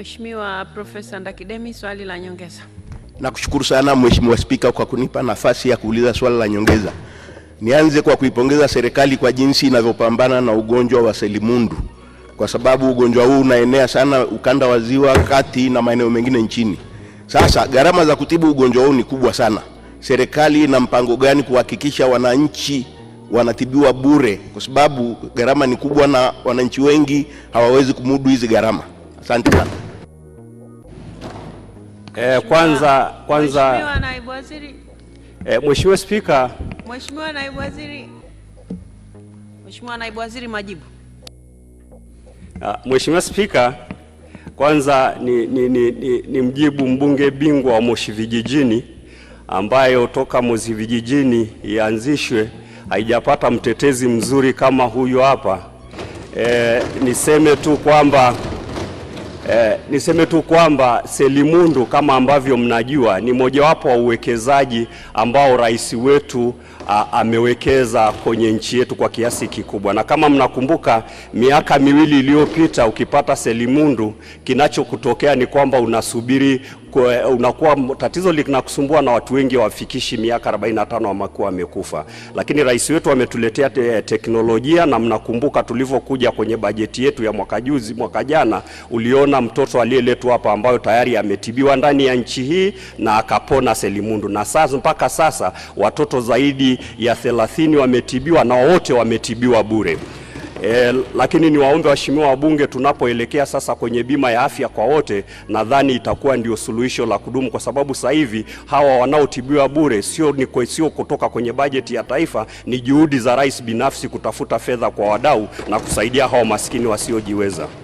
Mheshimiwa Profesa Ndakidemi, swali la nyongeza. Nakushukuru sana Mheshimiwa Spika kwa kunipa nafasi ya kuuliza swali la nyongeza. Nianze kwa kuipongeza serikali kwa jinsi inavyopambana na ugonjwa wa selimundu, kwa sababu ugonjwa huu unaenea sana ukanda wa Ziwa Kati na maeneo mengine nchini. Sasa gharama za kutibu ugonjwa huu ni kubwa sana. Serikali ina mpango gani kuhakikisha wananchi wanatibiwa bure, kwa sababu gharama ni kubwa na wananchi wengi hawawezi kumudu hizi gharama? Asante sana. Eh, kwanza kwanza Mheshimiwa Naibu Waziri. Eh, Mheshimiwa Spika. Mheshimiwa Naibu Waziri. Mheshimiwa Naibu Waziri majibu. Ah, Mheshimiwa Spika, kwanza ni, ni, ni, ni, ni mjibu mbunge bingwa wa Moshi Vijijini ambayo toka Moshi Vijijini ianzishwe haijapata mtetezi mzuri kama huyu hapa. Eh, niseme tu kwamba Eh, niseme tu kwamba Selimundu kama ambavyo mnajua ni mojawapo wa uwekezaji ambao rais wetu a, amewekeza kwenye nchi yetu kwa kiasi kikubwa, na kama mnakumbuka miaka miwili iliyopita, ukipata Selimundu kinachokutokea ni kwamba unasubiri Eh, unakuwa tatizo linakusumbua na watu wengi wafikishi miaka 45 wamekuwa wamekufa, lakini rais wetu ametuletea te teknolojia, na mnakumbuka tulivyokuja kwenye bajeti yetu ya mwaka juzi, mwaka jana, uliona mtoto aliyeletwa hapa ambayo tayari ametibiwa ndani ya nchi hii na akapona selimundu, na sasa mpaka sasa watoto zaidi ya 30 wametibiwa na wote wametibiwa bure. E, lakini waombe waheshimiwa wabunge, tunapoelekea sasa kwenye bima ya afya kwa wote, nadhani itakuwa ndio suluhisho la kudumu, kwa sababu sasa hivi hawa wanaotibiwa bure sio ni sio kutoka kwenye bajeti ya taifa, ni juhudi za rais binafsi kutafuta fedha kwa wadau na kusaidia hawa maskini wasiojiweza.